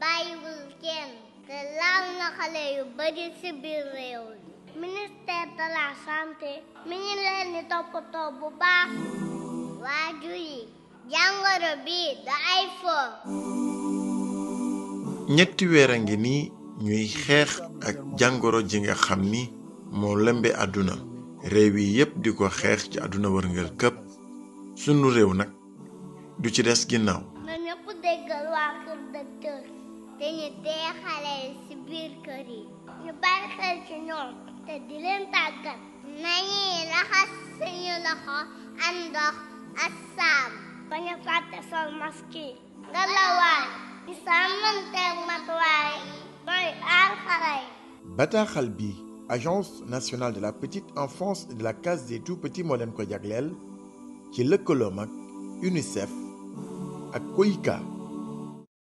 bàyyiwul kenn te laal na xale yu bari ci biir réew mi ministère de santé mi ngi leen di toppatoo bu baax waajur yi jàngoro bi da ay fo ñetti weer a ngi nii ñuy xeex ak jàngoro ji nga xam ni moo lëmbe àdduna réew yi yépp di ko xeex ci àdduna wërngël këpp sunu réew nag du ci des ginnaaw na ñépp déggal waa kër docteur dañu dee xale yi biir kër yi ñu bàyyi xel ci ñoom te di leen tàggat nañuy raxas suñu loxo ak ndox ak saabu bañ a fàtte sol masque yi nga lawaay di sàmmanteeg matuwaay yi aar xale bataaxal bi agence nationale de la petite enfance et de la case des tout-petits moo leen ko jagleel ci lëkkaloom ak UNICEF ak KOICA